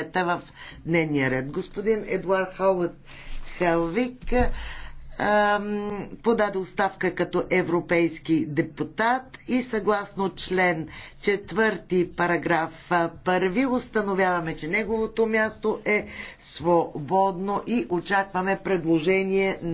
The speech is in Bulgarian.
света в дневния ред. Господин Едуард Хауът Хелвик ам, подаде оставка като европейски депутат и съгласно член 4 параграф 1 установяваме, че неговото място е свободно и очакваме предложение на